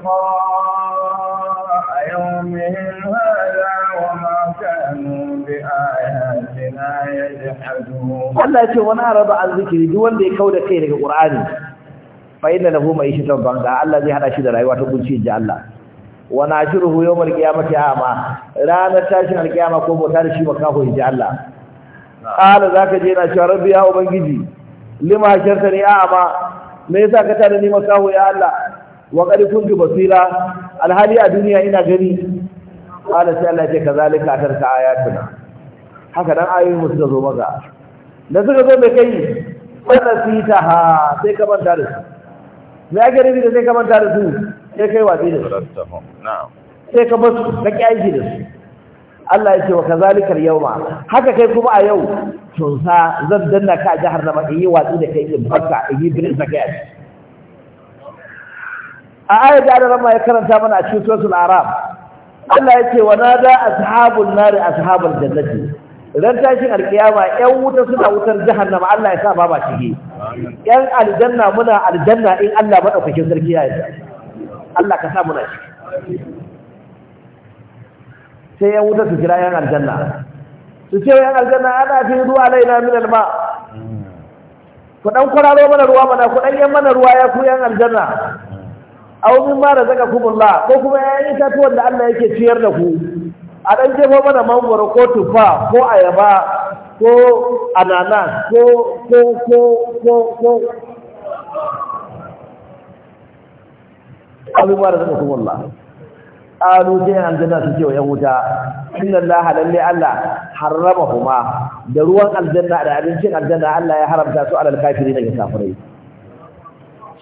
لقاء يومهم هذا وما كانوا بآياتنا يجحدون الله يقول وانا رضى عن ذكري دول دي كودة كيرك القرآن فإن له ما يشتر بانك الله زي هذا شدر أيوة تقول شيء الله wana shiruhu yawmal qiyamati ama ranar tashin alkiyama ko bota da shi makaho inji Allah za ka je na cewa rabbi ya ubangiji lima shartani ama me yasa ka tada ni kawo ya Allah wa qad kuntu basira alhali a duniya ina gani qala sai Allah ya ce kazalika tarka ayatuna haka dan ayoyin mu suka zo maka da suka zo mai kai wannan sita ha sai ka manta da su me ake nufi da sai ka manta da su sai kai watsi da su sai ka basu ka ki aiki da su Allah ya ce wa kazalikal yawma haka kai kuma a yau tunsa zan danna ka jahannama in yi watsi da kai in barka in yi birin sakai a ayar da Allah ya karanta mana a cikin suratul araf Allah ya ce wa nada ashabun nari ashabul jannati ran tashin alkiyama yan wuta suna wutar jahannama Allah ya sa ba ba shige yan aljanna muna aljanna in Allah maɗaukakin sarki ya yi Allah ka sa muna shige sai yan wuta su kira yan aljanna su ce yan aljanna ana fi ruwa laina min alma ku dan kwararo mana ruwa mana ku dan yan mana ruwa ya ku yan aljanna aw min zaka razaqakumullah ko kuma yayin itatuwan da Allah yake ciyar da ku a dan jefo mana mangoro ko tufa ko ayaba ko anana ko ko ko ko ko aw min ma alu je an aljanna su ce wa yan wuta inna Allah lalle Allah harramahuma da ruwan aljanna da abincin aljanna Allah ya haramta su alal kafirin da kafirai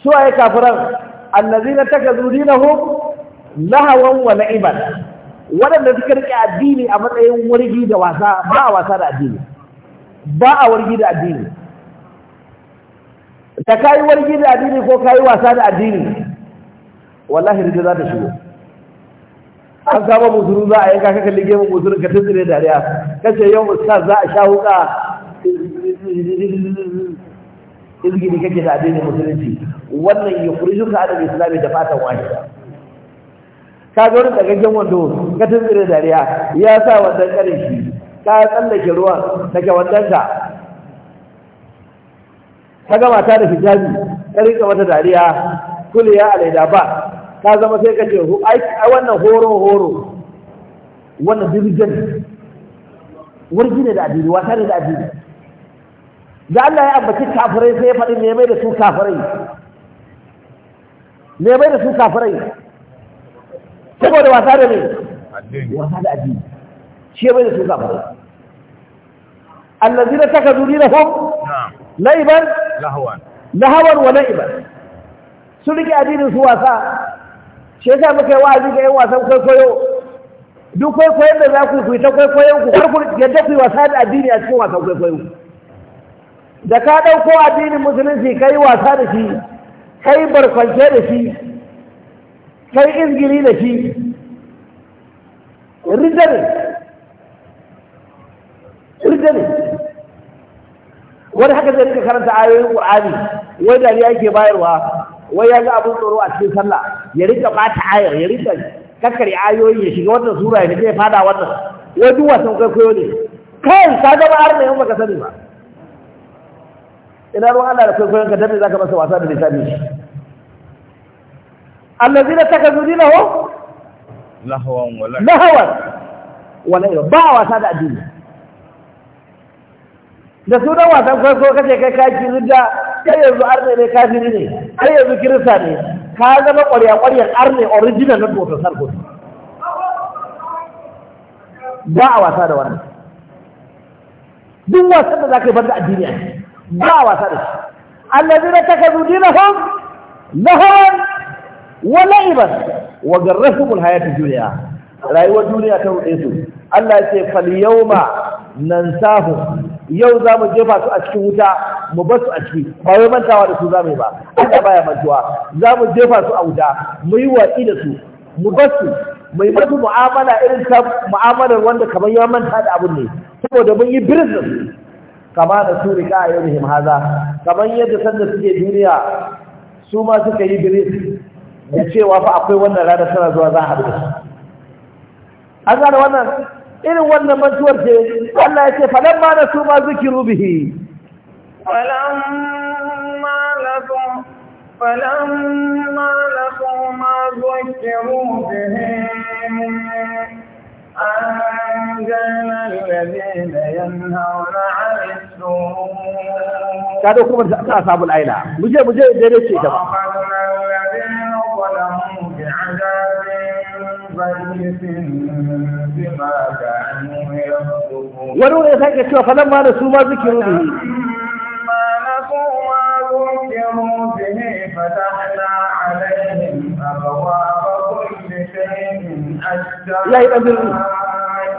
su ay kafiran allazina takazu na lahawan wa la'iban waɗanda suka rike addini a matsayin wargi da wasa ba a wasa da addini ba a wargi da addini ta kayi wargi da addini ko kayi wasa da addini wallahi rija za ta shigo an samu musulun za a yanka kaka kalli gemu musurin ka tuntsire dariya kace yau ustaz za a sha huka izgini kake da addinin musulunci wannan ya furi duka adam islami da fatan wahida ka zo wani gaggen wando ka tunzire dariya ya sa wannan karin shi ka tsallake ruwan ke wannan ka ka gama ta da hijabi ka rika mata dariya ya alaida ba ka zama sai ka ce ai wannan horo horo wannan dirgin wargi ne da addini wata ne da addini da Allah ya ambaci kafirai sai ya faɗi ne mai da su kafirai me bai da su kafirai saboda wasa da ne wasa da addini shi bai da su kafirai allazina takazu dinahum laiban lahwan lahawan wa laiban su rike addinin su wasa shi yasa muka yi wa'azi ga yan wasan kwaikwayo duk kwaikwayon da za ku yi ta kwaikwayon ku karku yadda ku yi wasa da addini a cikin wasan kwaikwayo da ka ɗauko addinin musulunci ka yi wasa da shi kai barkwance da shi kai izgiri da shi rijda ne wani haka zai rika karanta ayoyin qur'ani wai da yake bayarwa wai ya ga abin tsoro a cikin sallah ya rika bata ayar ya rika kakkari ayoyi ya shiga wannan sura ya fada wannan wai duk wasan kwaikwayo ne kai ka ga ba har ne yau baka sani ba Idan ruwan Allah da kwaikwayon ka za zaka masa wasa da littafin shi ka takazu dinahu lahawan wala lahawan wala ba wasa da addini da sunan wasan kwaikwayo kace kai kaki zudda kai yanzu arne ne kafiri ne kai yanzu kirista ne ka zama ƙwarya ƙwaryar arne original na dokar sarko ba a wasa da wannan duk wasan da za ka yi da addini a ba wasa da shi allazina takazu dinahum lahawan wa la'iban wa garrahumul hayatud dunya rayuwar duniya ta ruɗe su Allah ce ce ma nan nansahu yau za mu jefa su a cikin wuta mu basu su a ciki ba wai mantawa da su za mu yi ba Allah baya mantuwa za mu jefa su a wuta mu yi watsi da su mu bar su mu yi mu'amala irin ta mu'amalar wanda kamar ya manta da abun ne saboda mun yi business kama da su rika a yau haza kamar yadda sanda suke duniya su ma suka yi biris da cewa fa akwai wannan rana tana zuwa za a haɗu an gane wannan irin wannan mantuwar ce Allah ya ce falan ma na su ma zikiru bihi falan ma lakum falan ma lakum ma zikiru bihi ka da kuma ta a sabon aina muje muje da ya ce ta ba wani wani sai ke cewa falon ma da su ma zuki ya yi ɗan zirgin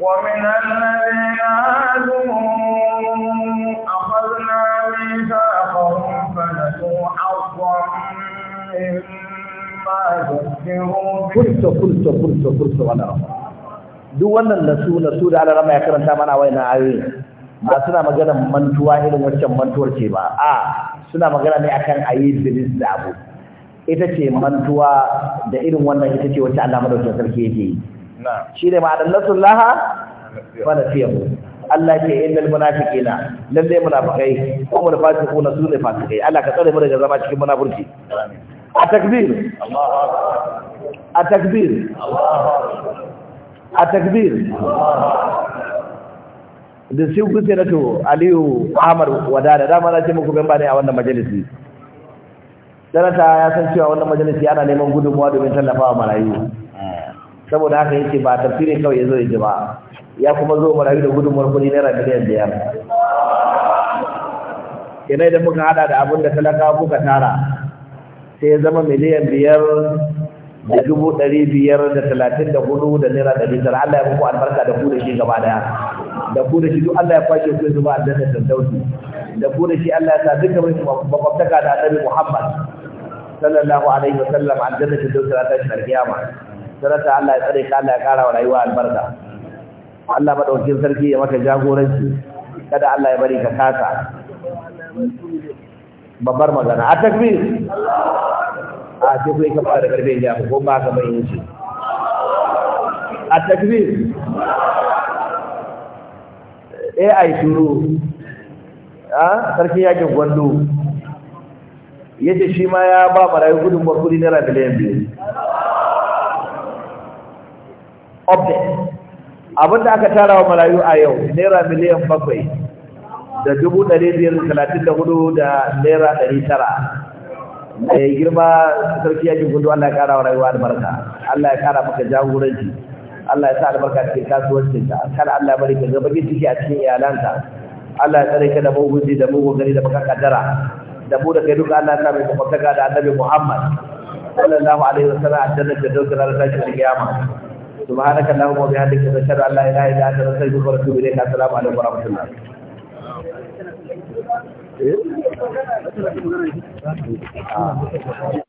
ومن الذين هادوا أخذنا ميثاقهم فنسوا حظا مما ذكروا به قلت قلت قلت قلت ولا duk wannan nasu nasu da alarama ya karanta mana wai na ayoyi ba suna magana mantuwa irin wancan mantuwar ce ba a suna magana ne akan ayi bilis da abu ita ce mantuwa da irin wannan ita ce wacce Allah madaukakin sarki yake shi ne ma'adar nasullaha mana fiye mu Allah ke yin dal munafiqina lalle munafiqai ko nasu su ne kai Allah ka tsare mu daga zama cikin munafurci a takbir a takbir a takbir da shi ku sai to Aliyu Ahmad Wadada dama na ce muku gamba ne a wannan majalisi Sanata ya san cewa wannan majalisi ana neman gudunmuwa domin tallafawa marayu hmm. saboda haka yake ba tafsirin kawai yazo ya ji ba ya kuma zo marayu da gudunmuwar kuɗi naira miliyan biyar kenan idan muka hada da abin da talaka muka tara sai ya zama miliyan biyar da dubu ɗari biyar da talatin da hudu da naira ɗari tara Allah ya muku albarka da ku da shi gaba daya da ku da shi duk Allah ya kwashe ku zuba aljanna da dauki da ku da shi Allah ya sa duka mai makwabtaka da annabi Muhammad sallallahu alaihi wa sallam aljanna da dauki ta shi alkiyama sarata Allah ya tsare ka Allah ya kara wa rayuwa albarka Allah madaukakin sarki ya maka jagoranci kada Allah ya bari ka kasa babbar magana a takbir a ce ku ka fara garbe ya ko ba ka bayin shi a takbir AI shuru a sarki ji gwando yace shi ma ya ba marayu gudun barkuri naira rabilen biyu update abinda aka tara wa malayu a yau naira miliyan bakwai da dubu ɗari biyar talatin da hudu da naira ɗari tara mai girma sarki yakin gudu Allah ya kara wa rayuwa albarka Allah ya kara maka jagoranci Allah ya sa albarka cikin kasuwancinka kada Allah ya bari ka zama bakin ciki a cikin iyalanka Allah ya tsare ka da mugunci da mugun gani da baka kaddara da mu da kai duka Allah ya sa mai mafaka da Annabi Muhammad sallallahu alaihi wasallam a jannatin da dokar Allah ta kiyama subhanaka allahumma wa bihamdika ashhadu an la ilaha illa anta astaghfiruka wa atubu ilayk assalamu alaikum wa rahmatullah eh